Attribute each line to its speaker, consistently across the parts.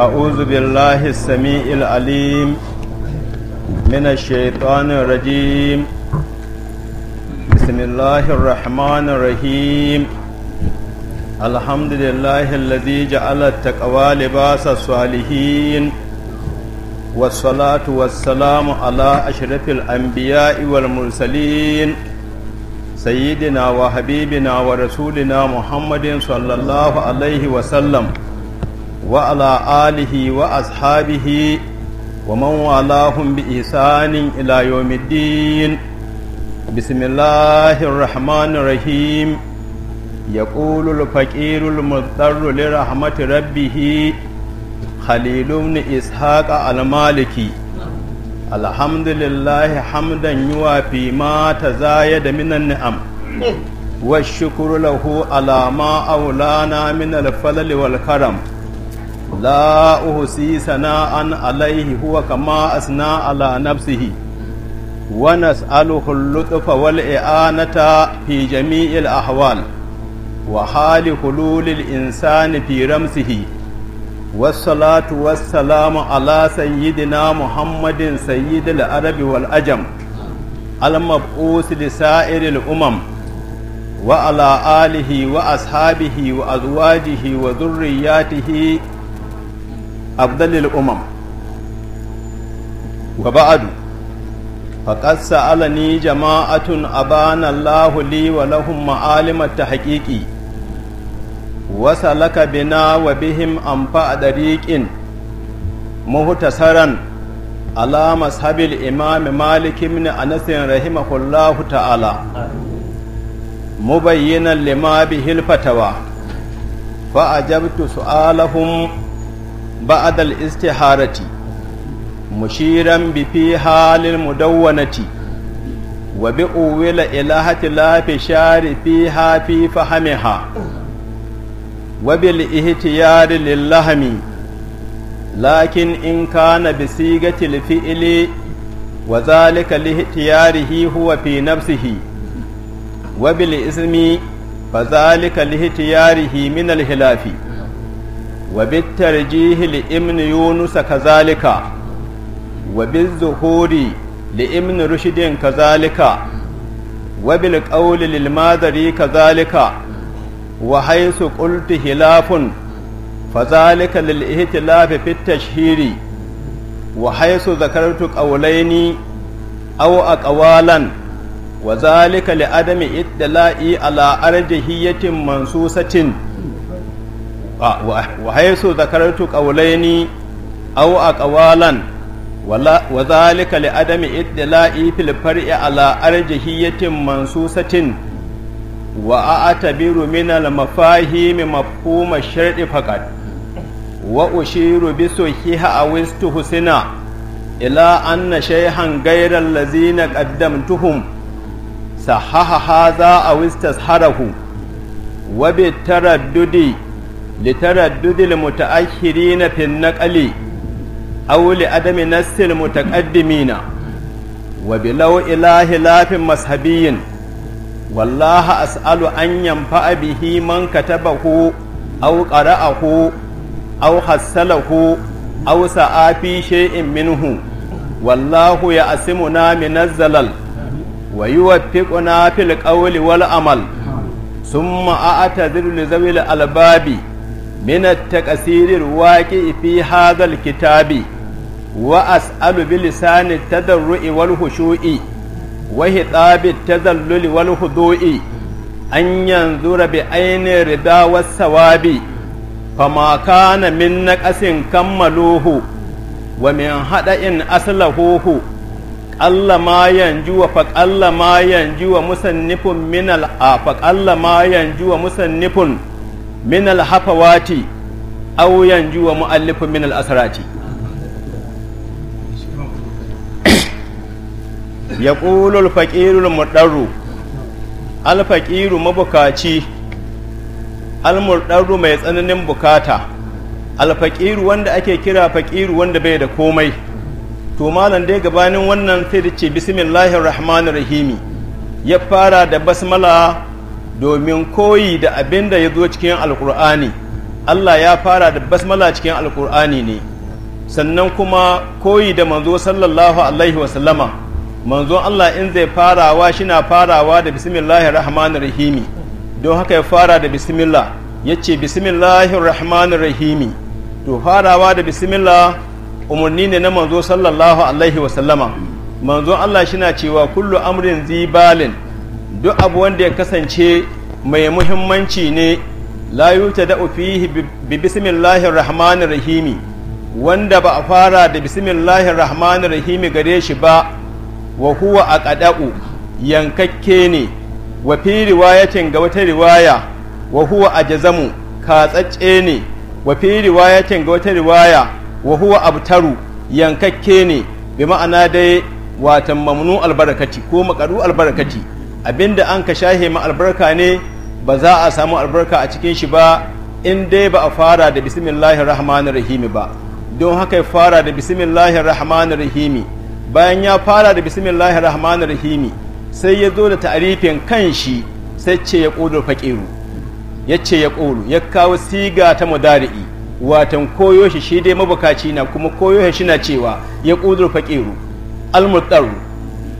Speaker 1: أعوذ بالله السميع العليم من الشيطان الرجيم بسم الله الرحمن الرحيم الحمد لله الذي جعل التقوى لباس الصالحين والصلاة والسلام على أشرف الأنبياء والمرسلين سيدنا وحبيبنا ورسولنا محمد صلى الله عليه وسلم وعلى آله وأصحابه ومن والاهم بإحسان إلى يوم الدين بسم الله الرحمن الرحيم يقول الفقير المضطر لرحمة ربه خليل بن إسحاق المالكي الحمد لله حمدا يوافي ما تزايد من النعم والشكر له على ما أولانا من الفضل والكرم la uhsi sana'an alaihi huwa kama asna ala nafsihi wa nas'aluhu al-lutfa wal i'anata fi jami'il ahwal wa hali hululil insani fi ramsihi wassalatu wassalamu ala sayyidina muhammadin sayyidil arabi wal ajam al-mab'us li sa'iril umam وعلى wa azwajihi wa وذرياته afdalil umam wa ba'adu faqad sa'alani jama'atun abana Allah li wa lahum ma'alima tahqiqi wa salaka bina wa bihim anfa dariqin muhtasaran ala mashabil imam malik ibn anas rahimahullahu ta'ala mubayyinan lima bihil fatawa fa ajabtu su'alahum بعد الاستهارة مشيرا بفيها للمدونة وبأول إلهة لا فشار فيها في فهمها وبالاهتيار للهم لكن إن كان بسيغة الفئل وذلك لاهتياره هو في نفسه وبالإسم فذلك لاهتياره من الهلاف وبالترجيح لابن يونس كذلك وبالظهور لابن رشد كذلك وبالقول للماذري كذلك وحيث قلت خلاف فذلك للإهتلاف في التشهير وحيث ذكرت قولين أو أقوالا وذلك لعدم إدلائي على أرجحية منصوصة Ah, wa haisu zakartu qawlaini aw aqwalan wala wa zalika li adami idla'i fil far'i ala arjahiyatin mansusatin wa a'tabiru min al mafahim mafhum ash-shar'i faqat wa ushiru bi sahiha aw istuhsina ila anna shayhan ghayra allazina qaddamtuhum sahaha hadha aw istasharahu wa bi taraddudi لتردد المتأخرين في النقل أو لعدم نس المتقدمين وبلو إله لاف مذهبي والله أسأل أن ينفع به من كتبه أو قرأه أو حصله أو سعى في شيء منه والله يأسمنا من الزلل ويوفقنا في القول والعمل ثم أعتذر لذوي الألباب من التكسير الواقع في هذا الكتاب وأسأل بلسان التذرع والخشوع وهطاب التذلل والهدوء أن ينظر بعين رضا والثواب فما كان من نقص كملوه ومن هدأ أصلهوه قل ما ينجو فقل ما ينجو مسنف من الآفق قل ما ينجو مصنف min alhafawati aw yanju wa mu'allifun min al'asarati ya ƙulul faƙirul muɗarru alfaƙiru mabukaci almurɗarru mai tsananin bukata alfaƙiru wanda ake kira faƙiru wanda bai da komai to malam dai gabanin wannan sai da ce bismillahir rahmanir rahimi ya fara da basmala domin koyi da abin da ya zo cikin alkur'ani Allah ya fara da basmala cikin alkur'ani ne sannan kuma koyi da manzo sallallahu alaihi wasallama manzo Allah in zai farawa shina farawa da bismillahir rahmanir rahimi don haka ya fara da bismillah ce bismillahir rahmanir rahimi to farawa da bismillah umarni ne na manzo sallallahu alaihi wasallama manzo Allah shi na cewa kullu amrin zibalin duk abu wanda ya kasance mai muhimmanci ne la yuta da fihi bi bismillahir rahmanir rahimi wanda ba a fara da bismillahir rahmanir rahimi gare shi ba wa huwa aqda'u yankakke ne wa fi riwayatin ga wata riwaya wa huwa jazamu katsacce ne wa fi riwayatin ga wata riwaya wa huwa abtaru yankakke ne bi ma'ana dai watan mamnu albarakati ko makaru albarakati abinda an ka shahe ma albarka ne ba za a samu albarka a cikin shi ba in dai ba a fara da bismillahir rahmanir rahimi ba don haka ya fara da bismillahir rahmanir rahimi bayan ya fara da bismillahir rahmanir rahimi sai ya zo da ta'arifin shi, sai ce ya qulu faqiru ya ce ya qulu ya kawo siga ta mudari'i watan koyo shi shi dai mabukaci na kuma koyo shi na cewa ya qulu faqiru al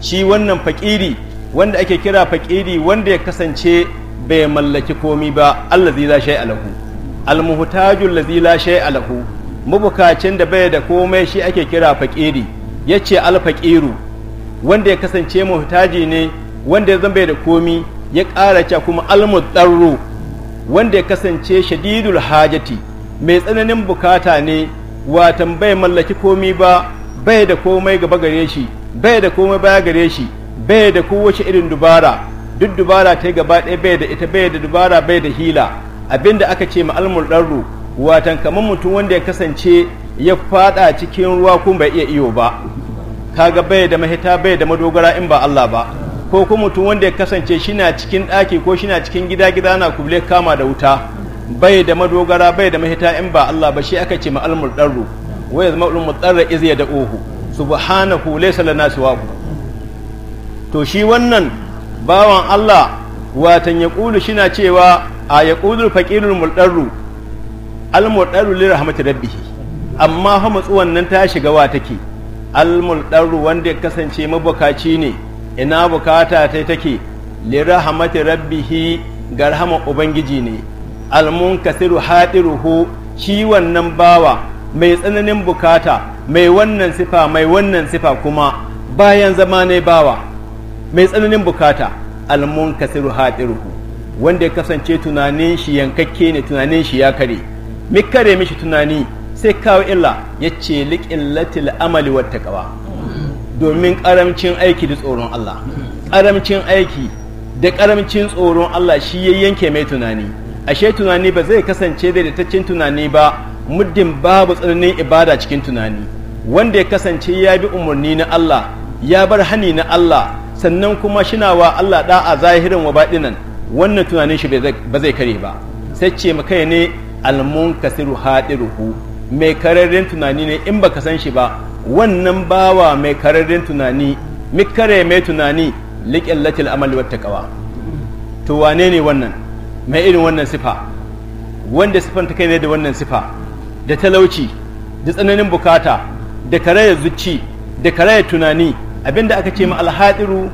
Speaker 1: shi wannan faƙiri. wanda ake kira fakiri wanda ya kasance bai mallaki komi ba Allah zai lashe alahu almuhtajul allazi la shay Alahu mabukacin da bai da komai shi ake kira fakiri yace faqiru wanda ya kasance muhtaji ne wanda ya zan bai da komi ya ƙara cewa kuma almudarru wanda ya kasance shadidul hajati mai tsananin bukata ne watan bai mallaki komi ba bai da komai gaba gare shi bai da komai baya gare shi bai da kowace irin dubara duk dubara ta gaba ɗaya bai da ita bai da dubara bai da hila abinda aka ce ma ɗarru watan kamar mutum wanda ya kasance ya fada cikin ruwa kun bai iya iyo ba kaga bai da mahita bai da madogara in ba Allah ba ko kuma mutum wanda ya kasance shina cikin ɗaki ko shina cikin gida gida na kubule kama da wuta bai da madogara bai da mahita in ba Allah ba shi aka ce ma ɗarru darru wa yazma ulul mudarra iz yad'uhu subhanahu laysa lana siwahu to shi wannan bawan Allah watan ya ƙulu na cewa a ya ƙulu faƙirin mulɗarru almulɗarru lil rabbi rabbihi amma fa matsuwan nan ta shiga wa take almulɗarru wanda ya kasance mabukaci ne ina bukata ta take lil rahmati rabbi ga rahama ubangiji ne almun haɗi ruhu, shi wannan bawa mai tsananin bukata mai wannan sifa mai wannan sifa kuma bayan zama ne bawa mai tsananin bukata almun kasiru haɗiruhu wanda ya kasance tunanin shi yankakke ne tunanin shi ya kare mi kare mishi tunani sai kawo illa ya ce liƙillatil amali wata ƙawa. domin ƙaramcin aiki da tsoron Allah ƙaramcin aiki da ƙaramcin tsoron Allah shi ya yanke mai tunani ashe tunani ba zai kasance daidaitaccen tunani ba muddin babu tsananin ibada cikin tunani wanda ya kasance ya bi umarni na Allah ya bar hani na Allah sannan kuma shina wa Allah da a zahirin wa baɗinan wannan tunanin shi ba zai kare ba sai ce maka ne almunkasiru ruhu mai kararren tunani ne in baka san shi ba wannan bawa mai kararren tunani mi mai tunani latin amali wata ƙawa to wane ne wannan mai irin wannan sifa wanda sifan ta kai ne da wannan sifa da talauci da tsananin bukata da karaya zuci da karaya tunani abinda aka ce ma alhadiru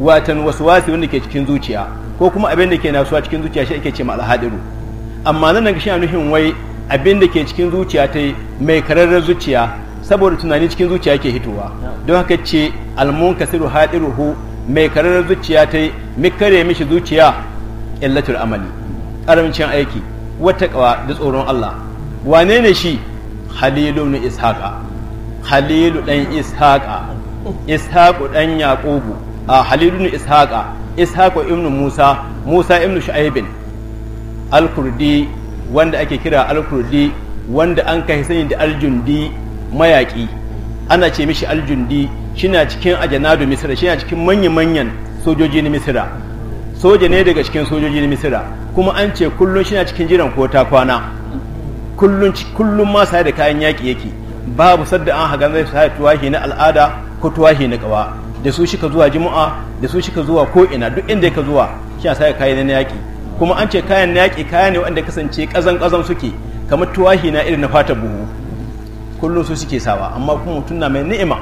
Speaker 1: watan waswasi wanda ke cikin zuciya ko kuma abin da ke nasuwa cikin zuciya shi ake ce ma alhadiru amma nan daga shi nufin wai abin da ke cikin zuciya ta mai kararrar zuciya saboda tunani cikin zuciya ke hitowa don haka ce almun almunkasiru hadiruhu mai kararrar zuciya ta mikare mishi zuciya illatul amali karamcin aiki wata kawa da tsoron Allah wane ne shi halilu ibn ishaqa halilu dan ishaqa ishaqu dan yaqubu Halilu ibn ishaqa ishaqa ibn musa musa ibn shu'aibin al-kurdi wanda ake kira al-kurdi wanda an kai sani da aljundi mayaki ana ce mishi aljundi shina cikin ajanadu misira shina cikin manya-manyan sojoji na misira soja ne daga cikin sojoji na misira kuma an ce kullum shina cikin jiran ko ta kwana kullum kullun ma sai da kayan yaki yake babu sadda an hagan zai tuwahi na al'ada ko tuwahi na kawa da su shika zuwa juma'a da su shika zuwa ko'ina duk inda ka zuwa shi a sai kayan na yaƙi kuma an ce kayan na yaƙi kaya ne wanda kasance ƙazan ƙazan suke kamar tuwahi na irin na fata buhu kullum su suke sawa amma kuma mutum na mai ni'ima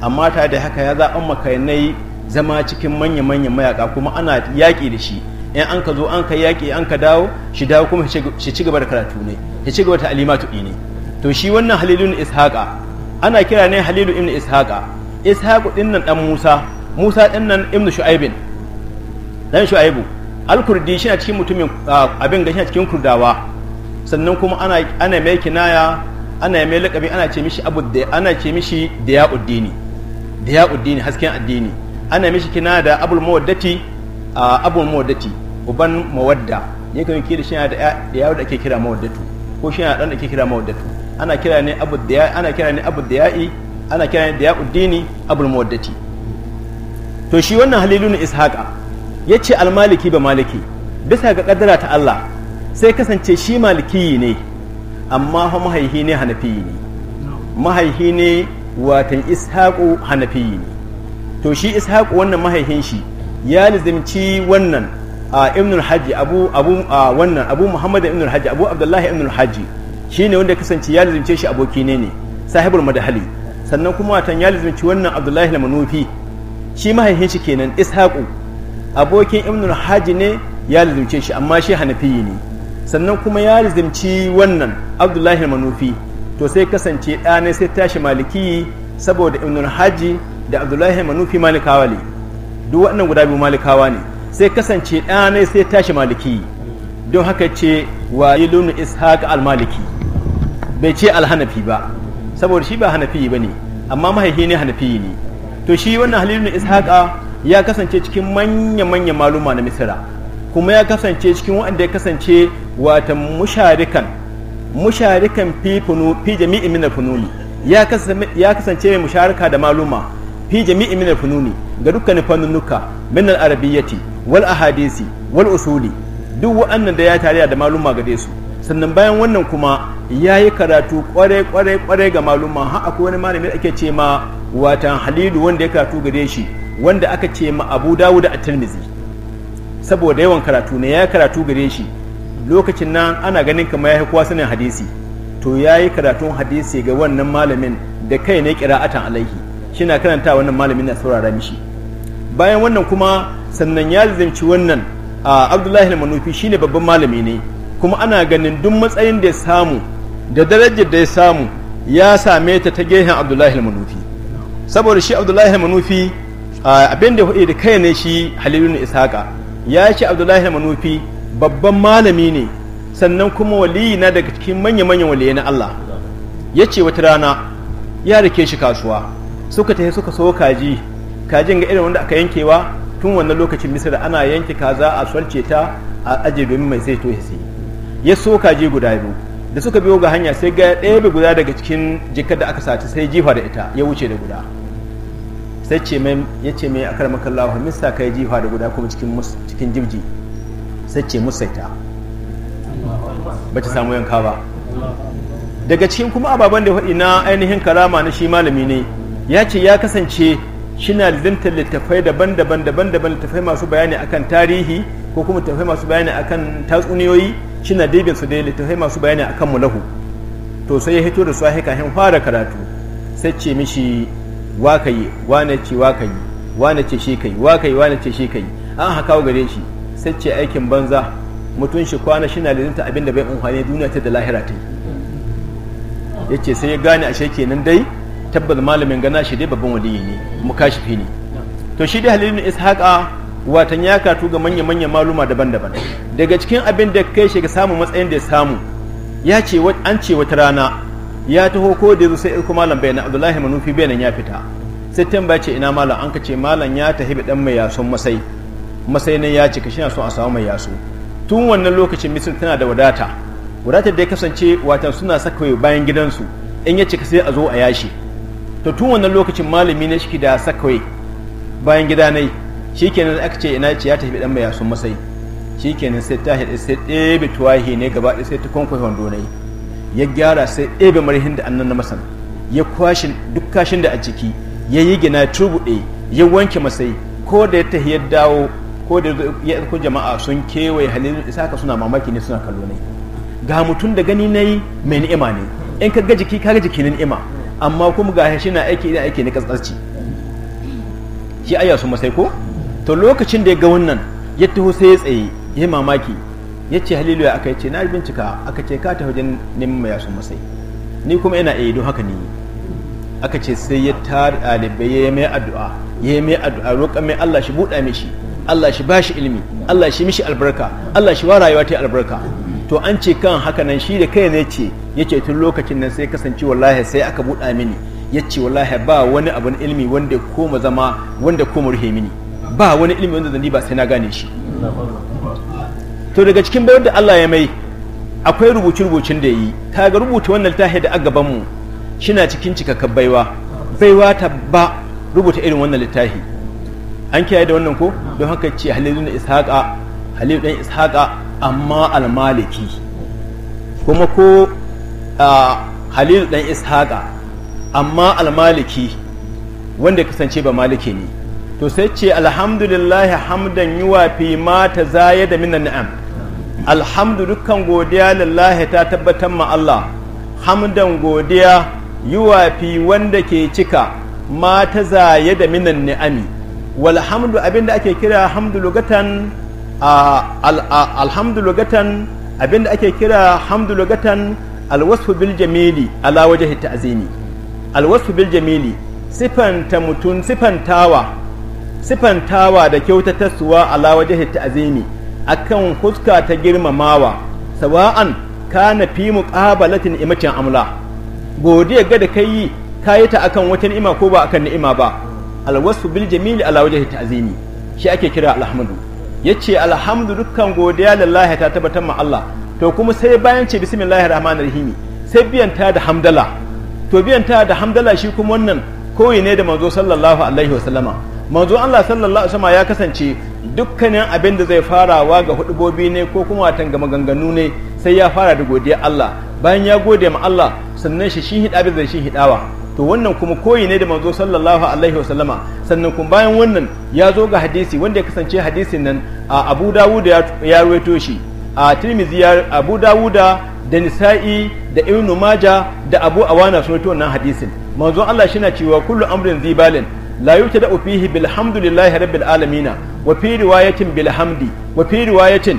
Speaker 1: amma ta da haka ya zaɓan makayanai zama cikin manya-manyan mayaƙa kuma ana yaƙi da shi in an ka zo an ka yaƙi an ka dawo shi dawo kuma shi ci gaba da karatu ne shi ci gaba da alimatu ne to shi wannan halilun ishaqa ana kira ne halilu ibn ishaqa ishaqu din nan dan musa musa din nan ibnu shu'aibin dan shu'aibu al-kurdi shi cikin mutumin abin gashi cikin kurdawa sannan kuma ana ana mai kinaya ana mai laƙabi ana ce mishi abu da ana ce mishi diyauddini diyauddini hasken addini ana mishi kinaya da abul mawaddati abul mawaddati uban mawadda ne kan kira shi da ya yawo da ake kira mawaddatu ko shi na dan da ake kira mawaddatu ana kira ne abu da ana kira ne abu daya'i ana kira da ya'uddini abul muwaddati to shi wannan halilun ishaqa ce almaliki ba maliki bisa ga kaddara ta Allah sai kasance shi maliki ne amma fa mahaihi ne hanafi ne mahaihi ne watan ishaqu hanafi ne to shi ishaqu wannan mahaihin shi ya lazimci wannan a al hajji abu abu wannan abu muhammad al hajji abu abdullahi al hajji shine wanda kasance ya lazimce shi aboki ne ne sahibul madahali sannan kuma watan ya lizimci wannan abdullahi na manufi shi mahaifin shi kenan ishaqu abokin ibn haji ne ya lizimce shi amma shi hanafiyi ne sannan kuma ya lizimci wannan abdullahi na manufi to sai kasance ɗanai sai tashi maliki saboda ibn haji da abdullahi na manufi malikawa ne duk wannan guda biyu malikawa ne sai kasance ɗanai sai tashi maliki don haka ce wa yilunu ishaq al-maliki bai ce al-hanafi ba saboda shi ba hanafi ba ne amma mahaifi ne hanafi ne to shi wannan halilu na ishaqa ya kasance cikin manya-manya maluma na misira kuma ya kasance cikin waɗanda ya kasance wata musharikan musharikan fi funu fi min fununi ya kasance mai musharaka da maluma fi jami'in min fununi ga dukkanin fannunuka min al-arabiyyati wal ahadisi wal usuli duk wa'annan da ya tare da maluma gare su sannan bayan wannan kuma ya yi karatu kwarai kwarai kwarai ga maluma har akwai wani malami da ake ce ma watan halilu wanda ya karatu gare shi wanda aka ce ma abu dawud a tirmizi saboda yawan karatu ne ya karatu gare shi lokacin nan ana ganin kamar ya yi sanin hadisi to ya yi karatun hadisi ga wannan malamin da kai ne kira'atan alaihi shi na karanta wannan malamin na saurara mishi bayan wannan kuma sannan ya zimci wannan abdullahi al-manufi ne babban malami ne kuma ana ganin duk matsayin da ya samu da darajar da ya samu ya same ta ta gehen abdullahi manufi saboda shi abdullahi manufi abin da hudu da kai ne shi Halilu na ishaqa ya shi abdullahi manufi babban malami ne sannan kuma waliyi na daga cikin manya-manyan waliyai na Allah ya ce wata rana ya rike shi kasuwa suka tafi suka so kaji kajin ga irin wanda aka yankewa tun wannan lokacin misira ana yanke kaza a swalce ta a aje domin mai sai to ya sayi ya so kaji guda biyu da suka biyo ga hanya sai ga ɗaya guda daga cikin jikar da aka sati sai jifa da ita ya wuce da guda sai ce mai ya ce mai akar makallahu hamisa kai jifa da guda kuma cikin cikin jibji sai ce musaita bace samu yanka ba daga cikin kuma ababen da faɗi na ainihin karama na shi malami ne ya ce ya kasance shina lintar littafai daban-daban daban-daban littafai masu bayani akan tarihi ko kuma littafai masu bayani akan tatsuniyoyi shina dibin su dai littafai masu bayani akan mulahu to sai ya hito da su a hin fara karatu sai ce mishi wakayi wane ce wakayi wane ce shi kai wakayi wane ce shi kai an haka gare shi sai ce aikin banza mutum shi kwana shina lizinta abin da bai amfani duniya ta da lahira ta ya ce sai ya gane a ashe nan dai tabbas malamin gana shi dai babban waliyi ne mu kashi ne to shi dai halilun ishaqa watan ya katu ga manya-manyan maluma daban-daban daga cikin abin da kai shiga samun samu matsayin da ya samu ya ce an ce wata rana ya taho ko da sai irko malam bayan abdullahi manufi nan ya fita sai ba ce ina malam an ka ce malam ya tafi bi dan mai yaso masai masai ne ya ce kashi shi na so a samu mai yaso tun wannan lokacin misir tana da wadata wadatar da ya kasance watan suna saka bayan gidansu in ya cika sai a zo a yashi to tun wannan lokacin malami na shi da saka bayan gida shikenan aka ce ina ce ya tafi dan mayasun yasun masai shikenan sai ta hada sai ɗebe tuwahi ne gaba ɗaya sai ta kwankwai wando ne ya gyara sai ɗebe marihin da annan na masan ya kwashe duk kashin da a ciki ya yi gina turbuɗe ya wanke masai ko da ya tafi ya dawo ko da ya ko jama'a sun kewaye halilu isaka suna mamaki ne suna kallo ne ga mutum da gani yi mai ni'ima ne in ka ga jiki ka ga jiki na ni'ima amma kuma ga shi na aiki ina aiki na katsarci shi ayyasu su masai ko to lokacin da ya ga wannan ya taho sai ya tsaye ya mamaki ya ce halilu ya aka ce na bincika aka ce ka ta wajen neman mai yasun masai ni kuma yana iya eh, don haka ne aka ce sai ya tara ɗalibai ya yi mai addu'a ya yi mai addu'a roƙa mai Allah shi buɗa mishi Allah shi ba shi ilimi Allah shi mishi albarka Allah shi wa rayuwa ta albarka to an ce kan haka nan shi da kai ne ce ya ce tun lokacin nan sai kasance wallahi sai aka buɗa mini ya ce wallahi ba wani abin ilimi wanda koma zama wanda koma rufe mini ba wani ilimi wanda zan ba sai na gane shi to daga cikin bayar da Allah ya mai akwai rubuce-rubucin da yi kaga rubuta wannan littafi da gaban mu shina cikin cikakken baiwa baiwa ta ba rubuta irin wannan littafi an kiyaye da wannan ko don haka ce halilu na ishaqa halilu dan ishaqa amma almaliki kuma ko halilu dan ishaqa amma almaliki wanda kasance ba maliki ne to sai ce alhamdulillahi hamdan yuwa fi ma ta zaya da minan ni'am alhamdu dukkan godiya lallahi ta tabbatar ma Allah hamdan godiya yuwa fi wanda ke cika ma ta zaya da minan ni'ami walhamdu abinda ake kira hamdu lugatan alhamdu lugatan abinda ake kira hamdu lugatan alwasfu bil jamili ala wajhi ta'zimi alwasu bil jamili sifanta mutun sifantawa sifantawa da kyautatarsuwa ala wajhi a akan huska ta girmamawa sawa'an kana fi muqabalatin imacin amla godiya ga da kai yi ta akan wata ni'ima ko ba akan ni'ima ba alwasu bil jamili ala wajhi ta'zimi shi ake kira alhamdu yace alhamdu dukkan godiya lillahi ta tabbatar ma Allah to kuma sai bayan ce bismillahir rahmanir rahim sai biyan ta da hamdala to biyan ta da hamdala shi kuma wannan koyi ne da manzo sallallahu alaihi wasallama manzo Allah sallallahu alaihi wasallam ya kasance dukkanin abin da zai farawa ga hudubobi ne ko kuma watan ga maganganu ne sai ya fara da godiya Allah bayan ya gode ma Allah sannan shi shi hida da shi hidawa to wannan kuma koyi ne da manzo sallallahu alaihi wasallama sannan kuma bayan wannan ya zo ga hadisi wanda ya kasance hadisin nan a Abu Dawud ya ruwaito shi a Tirmidhi ya Abu Dawud da Nisa'i da Ibn Majah da Abu Awana sun ruwaito wannan hadisin manzo Allah shi na cewa kullu amrin zibalin la da fihi bilhamdulillahi rabbil alamina wa fi riwayatin bilhamdi wa fi riwayatin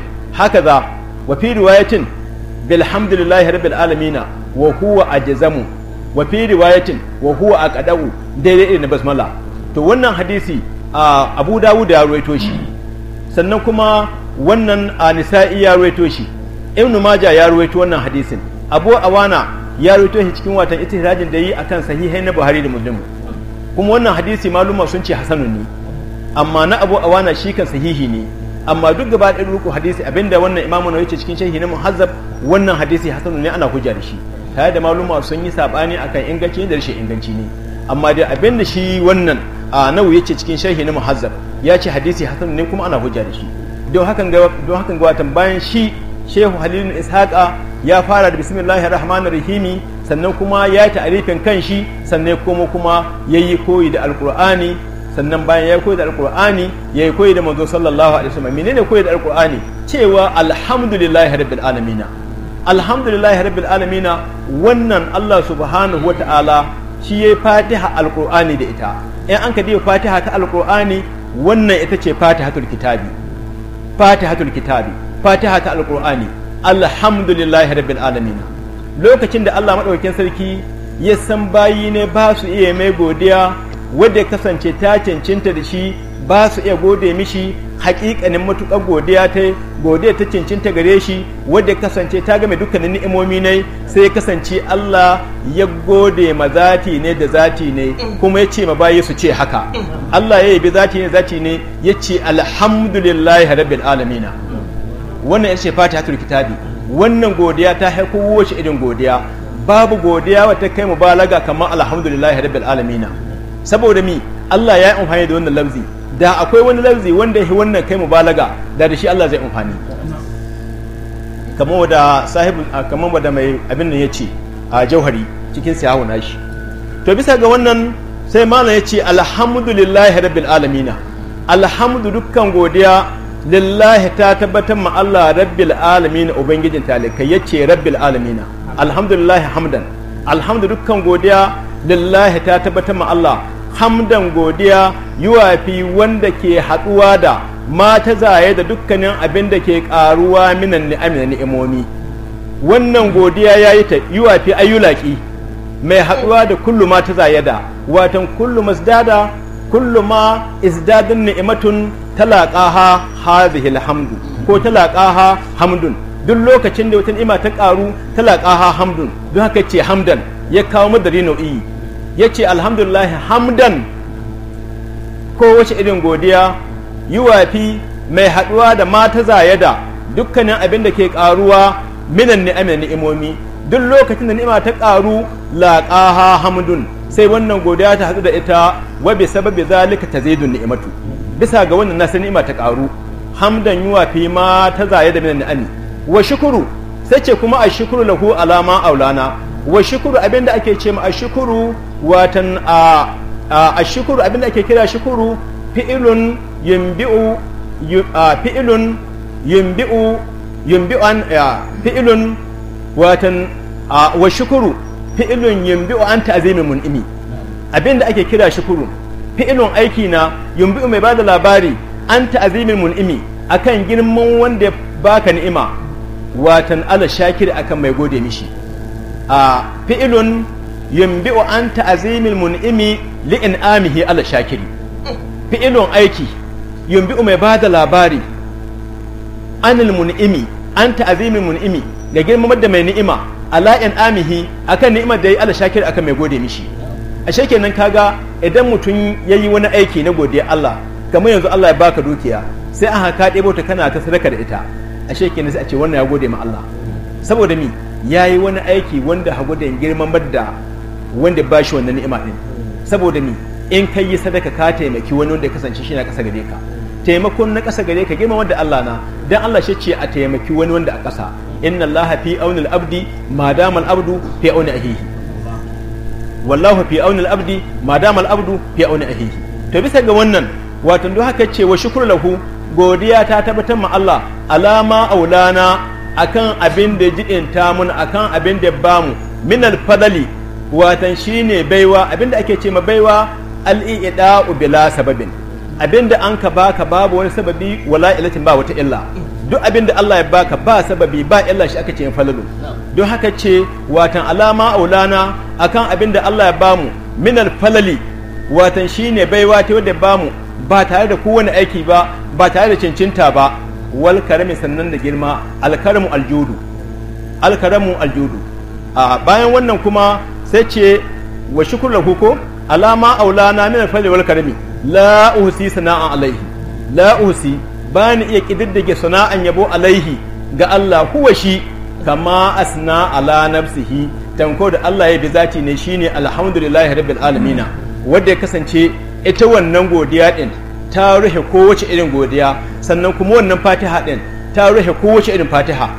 Speaker 1: za wa fi riwayatin bilhamdulillahi rabbil alamina wa huwa jizamu wa fi riwayatin wa huwa aqdau daidai na basmala to wannan hadisi Abu da Dawud ya ruwaito shi sannan kuma wannan Nisa'i ya ruwaito shi Ibn Majah ya ruwaito wannan hadisin Abu Awana ya ruwaito cikin watan ita istihrajin da yi a kan sahihai na Buhari da Muslim kuma wannan hadisi maluma sun ce hasanun ne amma na abu awana shi kan sahihi ne amma duk gaba ɗaya ruku hadisi abinda wannan imamu na yace cikin shehi na muhazzab wannan hadisi hasanun ne ana hujja da shi tare da maluma sun yi sabani akan inganci da rashin inganci ne amma dai abinda shi wannan a nawu yace cikin shehi na muhazzab ya ce hadisi hasanun ne kuma ana hujja da shi don hakan ga bayan shi shehu halilun ishaqa ya fara da bismillahi rahmanir rahimi sannan kuma ya yi ta'arifin kanshi sannan kuma kuma yi koyi da alkur'ani sannan bayan ya koyi da ya yi koyi da manzo sallallahu alaihi wasallam menene koyi da alkur'ani cewa alhamdulillahi rabbil alamin alhamdulillahi rabbil alamin wannan Allah subhanahu wata'ala shi yayi fatiha alkur'ani da ita in an ka dai fatiha ta alkur'ani wannan ita ce fatihatul kitabi fatihatul kitabi fatiha ta alqur'ani alhamdulillahi rabbil alamin lokacin da Allah madaukakin sarki ya san bayi ne ba su iya mai godiya wadda kasance ta cancanta da shi ba su iya gode mishi hakikanin matukar godiya ta godiya ta cancanta gare shi wadda kasance ta game dukkanin ni'imomi ne sai kasance Allah ya gode ma zati ne da zati ne kuma ya ce ma bayi su ce haka Allah ya yabi zati ne zati ne ya ce alhamdulillahi rabbil alamin wannan yace fatihatul kitabi wannan godiya ta haiko wace irin godiya babu godiya wata kai mubalaga kamar alhamdulillahi rabbil alamin saboda mi Allah ya amfani da wannan lafzi da akwai wani lafzi wanda ya wannan kai mubalaga da da shi Allah zai amfani kamar da sahibi kamar wanda mai abin nan yace a jauhari cikin siyahu nashi to bisa ga wannan sai malam yace alhamdulillahi rabbil alamin alhamdu dukkan godiya lillahi ta tabbatar ma Allah rabbil alamin ubangijin talikai ce rabbil alamina alhamdulillahi hamdan alhamdu dukkan godiya lillahi ta tabbatar ma Allah hamdan godiya yuwafi wanda ke haduwa da mata zaye da dukkanin abin da ke karuwa minan ni'amina ni'imomi wannan godiya ya yi ta yuwafi ayyulaki mai haɗuwa da kullu mata zaye da watan kullu masdada kullu ma izdadin ni'imatun ha hadhihi alhamdu ko ha hamdun duk lokacin da wata ni'ima ta karu ha hamdun don haka ce hamdan ya kawo madari nau'i ya yace alhamdulillah hamdan ko wace irin godiya wafi mai haɗuwa da mata zayada dukkanin abin da ke karuwa minan ni'amin ni'imomi duk lokacin da ni'ima ta karu ha hamdun sai wannan godiya ta hadu da ita wa bi sababi zalika ta zaidu ni'imatu bisa ga wannan nasu ni'ima ta ƙaru hamdan yuwa fi ma ta zaye da minan ni'ani wa shukuru sai ce kuma a shukuru lahu alama aulana wa shukuru abinda ake ce ma a shukuru watan a shukuru abinda ake kira shukuru fi'ilun yumbi'u fi'ilun yumbi'u yumbi'an fi'ilun watan wa shukuru fi'ilun yumbi'u an ta'zimin mun'imi abinda ake kira shukuru fi'ilun aiki na yumbi mai bada labari an ta'azimin mun'imi akan girman wanda ya baka ni'ima watan ala shakir akan mai gode mishi a fi'ilun yumbi an ta'azimin mun'imi li'in amihi ala shakiri fi'ilun aiki yumbi mai bada labari anil mun'imi an ta'azimin mun'imi ga girman da mai ni'ima amihi a akan ni'imar da ya ala shakir akan mai gode mishi a shekenan kaga idan mutum ya yi wani aiki na godiya Allah kamar yanzu Allah ya baka dukiya sai aka ka ɗebo ta kana ta sadaka da ita ashe kenan sai a ce wannan ya gode ma Allah saboda mi ya yi wani aiki wanda ha gode girman badda wanda ba shi wannan ni'ima din saboda mi in kai yi sadaka ka taimaki wani wanda ya kasance shi na ƙasa gare ka taimakon na ƙasa gare ka girma wanda Allah na dan Allah shi ce a taimaki wani wanda a ƙasa inna Allah fi aunil abdi ma damal abdu fi auni ahihi wallahu fi aunil abdi ma damal abdu fi auni ahihi to bisa ga wannan wato duk haka ce wa shukru lahu godiya ta tabbatar ma Allah alama aulana akan abin da jidinta mun akan abin da bamu min al-fadali watan shine baiwa abin da ake ce ma baiwa al-i'da'u bila sababin abin da an ka baka babu wani sababi wala ilatin ba wata illa duk abinda Allah ya baka ba sababi ba illa shi aka ce in falalu don haka ce watan alama aulana akan abinda Allah ya bamu min falali watan shine baiwa ta wanda bamu ba tare da kowane aiki ba ba tare da cincinta ba wal karami sannan da girma alkaramu aljudu alkaramu aljudu a bayan wannan kuma sai ce wa shukru ko alama aulana min falali wal karami la'usi sana'a alaihi la'usi ba ni iya kididdige sana'an yabo alaihi ga Allah kuwa shi kama asna ala nafsihi tanko da Allah ya bi zati ne shine alhamdulillahi rabbil alamina wanda ya kasance ita wannan godiya din ta rufe kowace irin godiya sannan kuma wannan fatiha din ta rufe kowace irin fatiha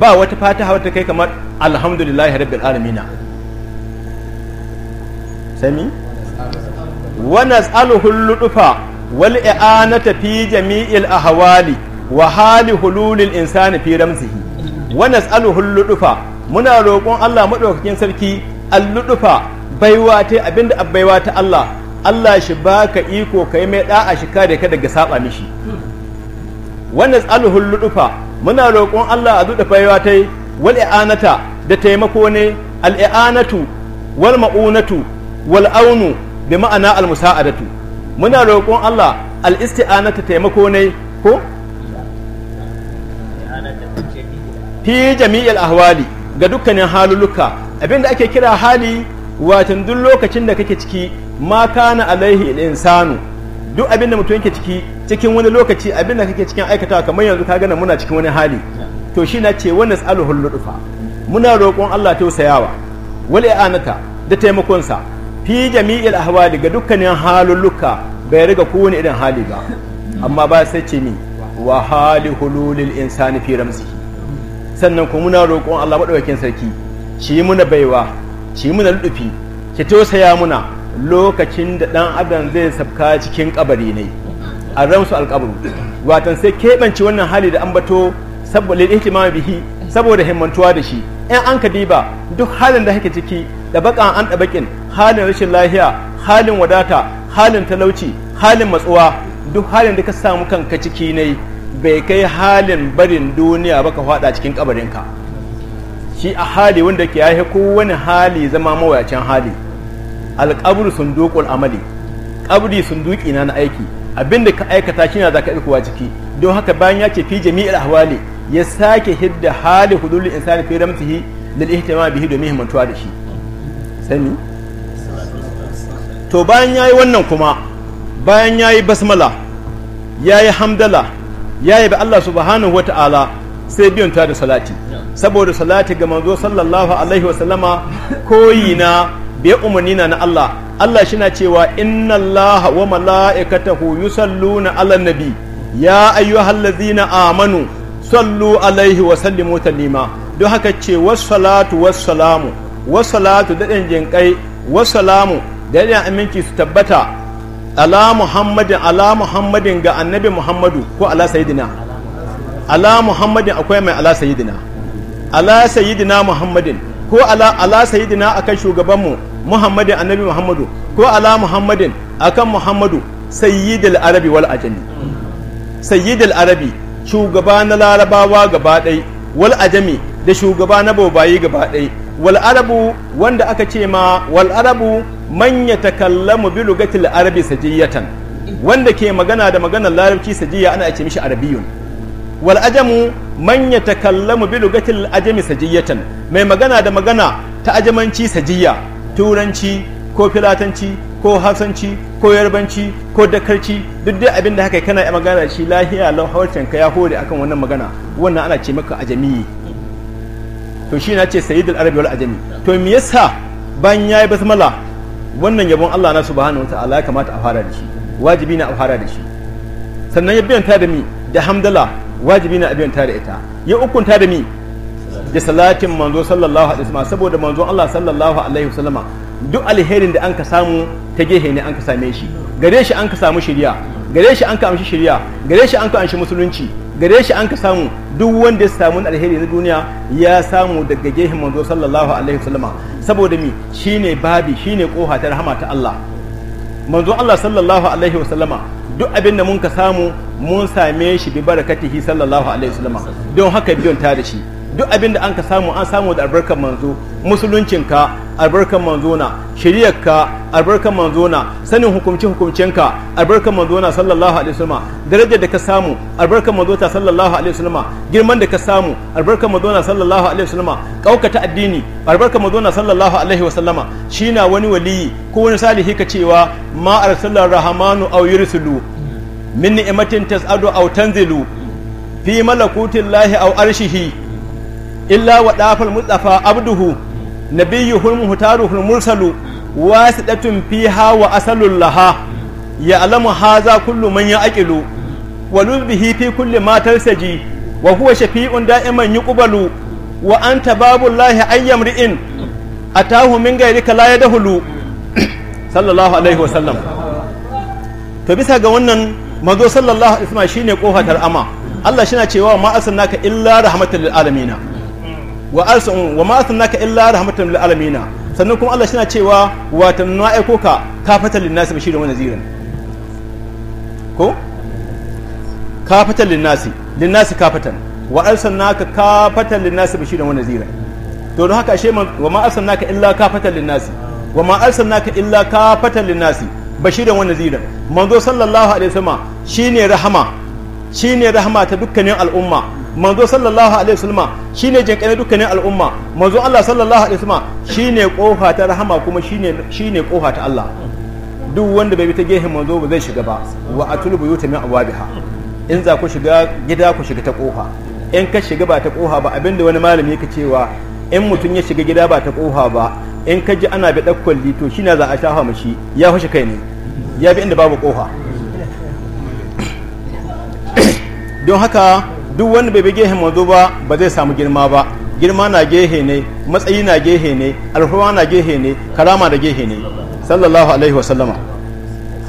Speaker 1: ba wata fatiha wata kai kamar alhamdulillahi rabbil alamina sami wa nas'aluhu ludufa wal i'anata fi jami'il ahwali wa hali hululil insani fi ramzihi wa nas'aluhu ludufa muna roƙon Allah madaukakin sarki al-ludufa baiwa ta abinda abbaiwa ta Allah Allah shi baka iko kai mai a shi kare ka daga saba mishi wa nas'aluhu ludufa muna roƙon Allah a duɗa baiwa ta wal i'anata da taimako ne al i'anatu wal ma'unatu wal aunu bi ma'ana almusa'adatu muna roƙon Allah al ta taimako ne ko fi jami'il ahwali ga dukkanin haluluka abinda ake kira hali watan duk lokacin da kake ciki ma kana alaihi insanu duk abinda mutum yake ciki cikin wani lokaci abinda kake cikin aikata kamar yanzu ka gana muna cikin wani hali to shi na ce wannan tsaluhul ludufa muna roƙon Allah tausayawa wal da taimakonsa fi jami'il ahwali ga dukkanin halulluka bai riga kowane irin hali ba amma ba sai ce ni wa hali hululil insani fi sannan kuma muna roƙon Allah madaukakin sarki shi muna baiwa shi muna ludufi ki tosaya muna lokacin da dan adam zai sabka cikin kabari ne a ramsu alqabru watan sai keɓance wannan hali da ambato saboda ihtimam bihi saboda himmantuwa da shi in an ka diba duk halin da kake ciki da baƙan an ɗabaƙin halin rashin lahiya halin wadata halin talauci halin matsuwa duk halin da ka samu kanka ciki ne bai kai halin barin duniya ba ka faɗa cikin kabarinka shi a hali wanda ke yahe kowane hali zama mawayacin hali alƙabur sun amali ƙabri sun na na aiki abin da ka aikata shi na za ka ɗaukowa ciki don haka bayan ya ce fi jami'ar ahwali ya sake hidda hali hudulul insani fi ramtihi lil ihtimam bihi domin himantuwa da shi sani to bayan yayi wannan kuma bayan yayi basmala yayi hamdala ya yi ba Allah subhanahu wata'ala sai biyan ta da salati saboda salati ga manzo sallallahu alaihi wa sallama koyina bai umarni na Allah Allah shi na cewa inna Allah wa mala'ikatahu yusalluna ala nabi ya ayyuhallazina amanu sallu alaihi wa sallimu taslima don haka ce wasu salatu wasu salamu wasalatu daɗin jinƙai wasalamu daɗin aminci su tabbata ala muhammadin ala muhammadin ga annabi muhammadu ko ala sayidina ala muhammadin akwai mai ala sayidina ala sayidina muhammadin ko ala ala sayidina akan shugabanmu muhammadin annabi muhammadu ko ala muhammadin akan muhammadu sayyidul arabi wal ajami sayyidul arabi shugaba na larabawa gaba ɗai wal ajami da shugaba na bobayi gaba ɗai wal wanda aka ce ma wal arabu man yatakallamu bi lugatil arabi sajiyatan wanda ke magana da maganar larabci sajiya ana ce mishi arabiyun wal ajamu man yatakallamu bi lugatil ajami sajiyatan mai magana da magana ta ajamanci sajiya turanci ko filatanci ko hasanci ko yarbanci ko dakarci duk dai abin da haka kana magana shi lahiya lauhawar hawarcin ka ya hore akan wannan magana wannan ana ce maka ajamiyi to shi na ce sayi da wal ajami to me yasa ban yi basmala wannan yabon Allah na subhanahu ta'ala ya kamata a fara da shi wajibi na a fara da shi sannan ya biyanta da mi da hamdala wajibi na a biyanta da ita ya ukunta da mi da salatin manzo sallallahu alaihi wasallam saboda manzo Allah sallallahu alaihi wasallam duk alherin da an ka samu ta gehe ne an ka same shi gare shi an ka samu shirya gare shi an ka amshi shirya gare shi an ka amshi musulunci gare shi an ka samu duk wanda ya samu alheri na duniya ya samu daga gehen manzo sallallahu alaihi wasallama saboda mi shine babi shine koha ta rahama ta Allah manzo Allah sallallahu alaihi wasallama duk abin da mun ka samu mun same shi bi barakatihi sallallahu alaihi wasallama don haka biyon ta da shi duk abin da an ka samu an samu da albarkar manzo musuluncinka albarkar manzo na shiriyarka albarkar manzo na sanin hukumci hukuncinka, albarkar manzo na sallallahu alaihi wasallam darajar da ka samu albarkar manzo ta sallallahu alaihi wasallam girman da ka samu albarkar manzo na sallallahu alaihi wasallam kaukata addini albarkar manzo na sallallahu alaihi wasallam na wani waliyi ko wani salihi ka cewa ma arsalar rahmanu aw yursulu min ni'matin tas'adu aw tanzilu fi malakutillahi aw arshihi illa wa ɗafar mustafa abduhu biyu muhtaruhul mursalu wasidatun fiha wa asalul laha Ya alamu haza kullu man ya'qilu wa lubbihi fi kulli ma talsaji wa huwa shafi'un da'iman yuqbalu wa anta lahi ayyam ri'in atahu min ghayrika la yadhulu sallallahu alaihi wa sallam to bisa ga wannan mazo sallallahu alaihi wasallam shine kofatar ama Allah shi na cewa ma naka illa rahmatan alamina. wa arsa wa ma arsalnaka illa rahmatan lil alamin sannan kuma Allah yana cewa wa tanna aiko ka kafatan lin nasi bashiran wa nazirin. ko kafatan lin nasi lin nasi kafatan wa arsalnaka kafatan lin nasi bashiran wa naziran to don haka ashe wa ma arsalnaka illa kafatan lin nasi wa ma arsalnaka illa kafatan lin nasi bashiran wa nazirin manzo sallallahu alaihi wasallam shine rahama shine rahama ta dukkanin al'umma manzo sallallahu alaihi wasallam shine jinkai dukkanin al'umma manzo Allah sallallahu alaihi wasallam shine kofa ta rahama kuma shine shine kofa ta Allah duk wanda bai bi ta gehen manzo ba zai shiga ba wa atul buyuta min awabiha in za ku shiga gida ku shiga ta kofa in ka shiga ba ta kofa ba abinda wani malami yake cewa in mutum ya shiga gida ba ta kofa ba in ka ji ana bi dakkon lito shine za a shafa mashi ya hushi kai ne ya bi inda babu kofa don haka duk wanda bai bi gehen manzo ba ba zai samu girma ba girma na gehe ne matsayi na gehe ne alfawa na gehe ne karama da gehe ne sallallahu alaihi wa sallama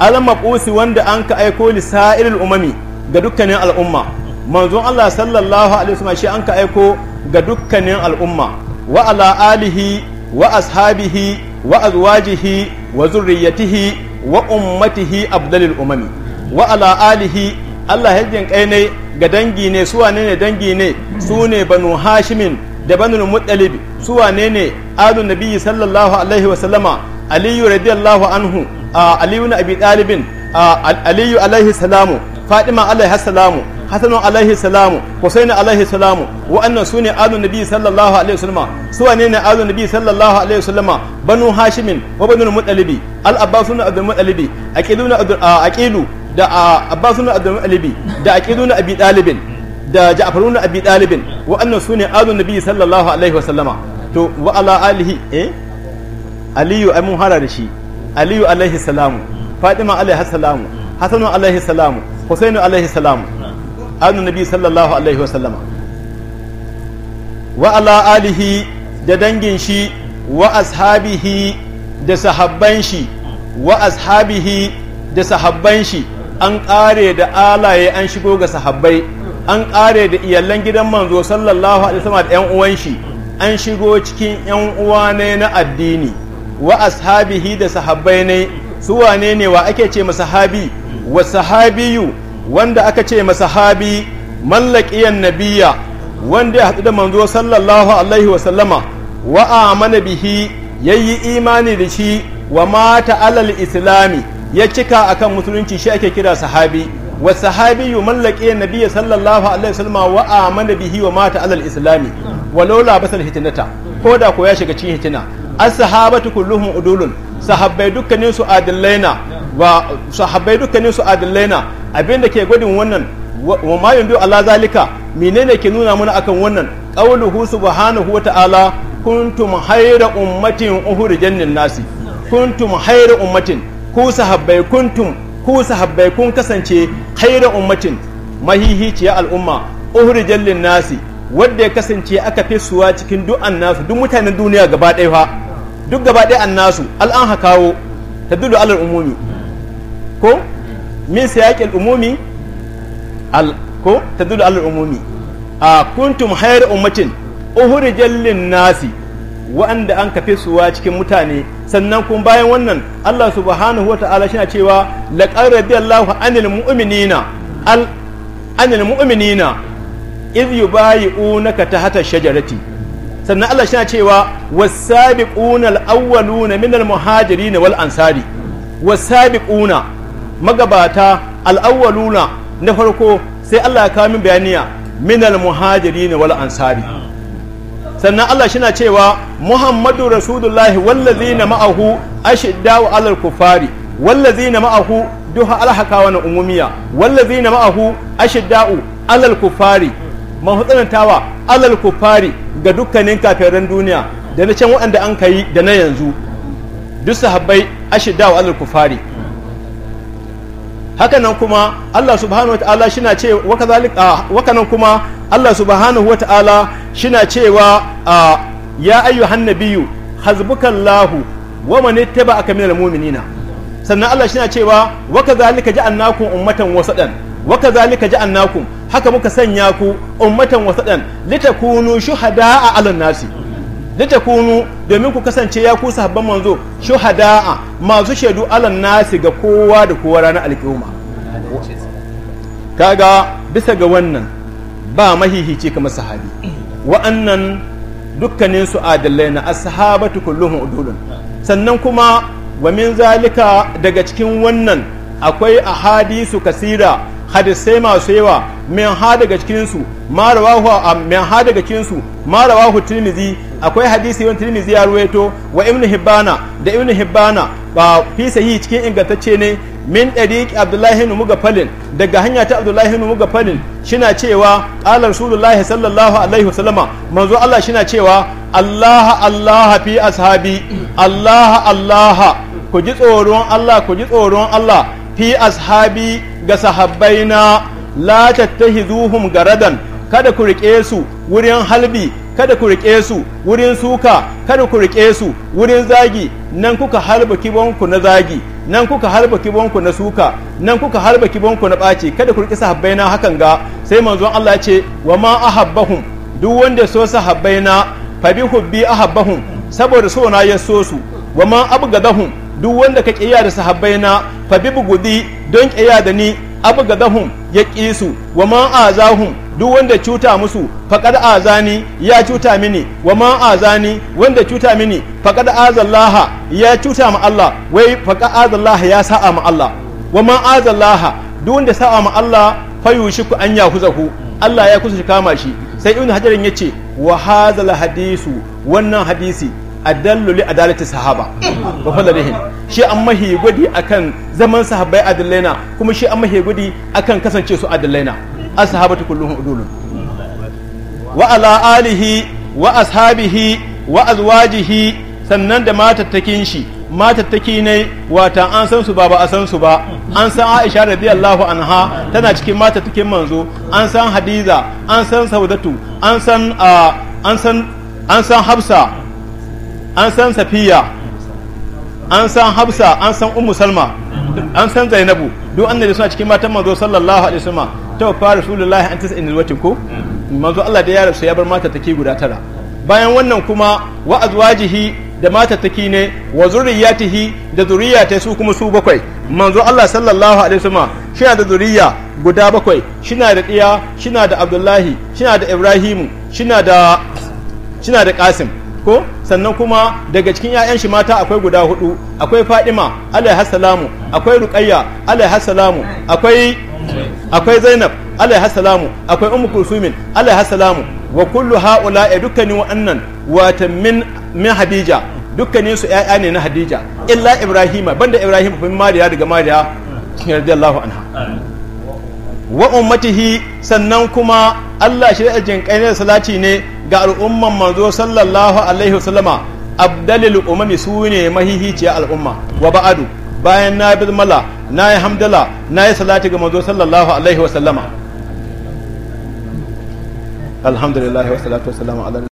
Speaker 1: alam maqusi wanda an ka aiko lisa'iril umami ga dukkanin al'umma manzon Allah sallallahu alaihi sallama shi an ka aiko ga dukkanin al'umma wa ala alihi wa ashabihi wa azwajihi wa zurriyatihi wa ummatihi abdalil umami wa ala alihi Allah ya kainai. ga dangi ne su wane ne dangi ne su ne banu hashimin da banu muttalib su wane ne alun nabiyyi sallallahu alaihi wa sallama aliyu radiyallahu anhu aliyu na abi dalibin aliyu alaihi salamu fatima alaihi salamu hasanu alaihi salamu husainu alaihi salamu wa'annan su ne alun nabiyyi sallallahu alaihi wa sallama su wane ne alun nabiyyi sallallahu alaihi wa sallama banu hashimin wa banu muttalib al su na abdul muttalib aqilu na aqilu da Abbas ibn abdullahi Alibi da Aqidu ibn Abi dalibin da Ja'far ibn Abi Talib wa'annan sune azun nabi sallallahu alaihi wasallama to wa ala alihi eh Aliyu ai mun hara da shi Aliyu alaihi salamu Fatima alaihi salamu Hasanu alaihi salamu Husainu alaihi salamu azun nabi sallallahu alaihi wasallama wa ala alihi da dangin shi wa ashabihi da sahabban shi wa ashabihi da sahabban shi an ƙare da alaye an shigo ga sahabbai an ƙare da iyalan gidan manzo sallallahu alaihi wasallam da yan uwan shi an shigo cikin yan uwa ne na addini wa ashabihi da sahabbai ne su wane ne wa ake ce masa sahabi wa sahabiyu wanda aka ce masa sahabi mallakiyan nabiyya wanda ya haɗu da manzo sallallahu alaihi wasallama wa amana bihi yayi imani da shi wa mata alal islami ya cika akan musulunci shi ake kira sahabi wa sahabi na biya sallallahu alaihi wasallam wa amana bihi wa mata alal islami wa laula basal hitinata ko da ko ya shiga cikin hitina as-sahabatu kulluhum udulun sahabbai dukkanin su adillaina wa sahabbai dukkanin su adillaina abinda ke gudun wannan wa ma yundu ala zalika menene ke nuna mana akan wannan qawluhu subhanahu wa ta'ala kuntum hayra ummatin uhrijan lin nasi kuntum hayra ummatin ku sahabbai kuntum ku sahabbai kun kasance khairu ummatin mahihiciya al'umma uhrijal lin nasi wanda ya kasance aka fi suwa cikin duk annasu duk mutanen duniya gaba ɗaya fa duk gaba ɗaya annasu al'an ha kawo tadullu alal umumi ko min sayaqil umumi al ko tadullu alal umumi a kuntum khairu ummatin uhrijal lin nasi wa'anda an kafe suwa cikin mutane sannan kuma bayan wannan Allah subhanahu wa ta'ala shi cewa laqad radiyallahu anil mu'minina al anil mu'minina iz yubayi'unaka tahta shajarati sannan Allah shi cewa was-sabiquna al-awwaluna min al-muhajirin wal ansari was-sabiquna magabata al-awwaluna na farko sai Allah ya kawo min bayaniya min al-muhajirin wal ansari sannan Allah shi na cewa Muhammadu Rasulullahi wallazi na ma'ahu ashiddawu alal kufari wallazi na ma'ahu duha alhaka wani umumiya wallazi na ma'ahu ashidda'u alal kufari mahutsanantawa alal kufari ga dukkanin kafirin duniya da na can waɗanda an kayi da na yanzu duk sahabbai ashidda'u alal kufari hakanan kuma Allah subhanahu wata'ala shina ce wakanan ah, kuma Allah subhanahu wata'ala shina cewa ah, ya ayyuhan nabiyyu lahu wa taba ittaba'aka minal mu'minina sannan Allah shina cewa wakazalika ja'alnakum ummatan wasadan ji ja'alnakum haka muka sanya ku ummatan wasadan litakunu a 'alan nasi da kunu domin ku kasance ya kusa sahabban manzo shuhada'a masu shaidu alan nasi ga kowa da kowa rana al'umma kaga bisa ga wannan ba mahihici kama sahabi wa'annan dukkanin su adalai na ashabatu kulluhum udulun sannan kuma wa min zalika daga cikin wannan akwai ahadisu kasira hadisai masu yawa min ha daga cikinsu mara ma min ha daga tirmizi akwai hadisi wani tirmizi ya ruwaito wa ibnu hibbana da ibnu hibbana ba fi sahihi cikin ingantacce ne min dariq abdullahi ibn mugafalin daga hanya ta abdullahi ibn mugafalin shina cewa qala rasulullahi sallallahu alaihi wasallama manzo Allah shina cewa Allah Allah fi ashabi Allah Allah ku ji tsoron Allah ku ji tsoron Allah fi ashabi ga sahabbaina la tattahizuhum garadan kada ku rike su wurin halbi kada ku rike su wurin suka kada ku rike su wurin zagi nan kuka halba kibonku na zagi nan kuka halba kibonku na suka nan kuka halba kibonku na ɓaci kada ku rike sahabbaina hakan ga sai manzon Allah ce wa ma ahabbahum duk wanda so sahabbaina fa bi hubbi ahabbahum saboda so na ya so su wa ma abgadahum duk wanda ka ƙiya da sahabbai na fa bi bugudi don ƙiya da ni abu ga abgadahum ya ƙi su wa man azahum duk wanda cuta musu faqad azani ya cuta mini wa a azani wanda cuta mini a azallaha ya cuta ma Allah wai faqad azallaha ya sa'a ma Allah wa man azallaha duk wanda sa'a ma Allah fayushiku an yahuzahu Allah ya kusa kama shi sai ibnu hajarin ce, wa hadisu wannan hadisi adallu li adalati sahaba wa fadlihim shi an mahi gudi akan zaman sahabbai adallaina kuma shi an mahi gudi akan kasance su adallaina ashabatu kulluhum udulun wa ala alihi wa ashabihi wa azwajihi sannan da matattakin shi matattaki ne wata an san su ba ba a san su ba an san Aisha radiyallahu anha tana cikin matattakin manzo an san Hadiza an san Saudatu an san ah, an san an san Hafsa an san safiya an san hafsa an san ummu salma an san zainabu duk annabi suna cikin matan manzo sallallahu alaihi wasallam ta fa rasulullahi an tas'in alwatin ko manzo Allah da ya rasu ya bar mata take guda tara bayan wannan kuma wa azwajihi da mata take ne wa zurriyatihi da zuriyata su kuma su bakwai manzo Allah sallallahu alaihi wasallam shi da zuriya guda bakwai shina da diya shina da Abdullahi shina da ibrahimu shina da shina da Qasim ko sannan kuma daga cikin 'ya'yan shi mata akwai guda hudu akwai fadima alaiha salamu akwai ruqayya alaiha salamu akwai akwai zainab alaiha salamu akwai ummu kulsumin alaiha salamu wa kullu haula ya dukkanin wa'annan wata min min hadija dukkanin su 'ya'ya ne na hadija illa ibrahima banda ibrahim bin mariya daga mariya radiyallahu anha wa ummatihi sannan kuma Allah shi da jin kai salati ne ga al'umman manzo sallallahu alaihi wasallama abdalil umami su ne mahihiciya al'umma wa ba'adu bayan na bi mala na yi hamdala na yi salati ga manzo sallallahu alaihi wasallama alhamdulillah wa salatu wa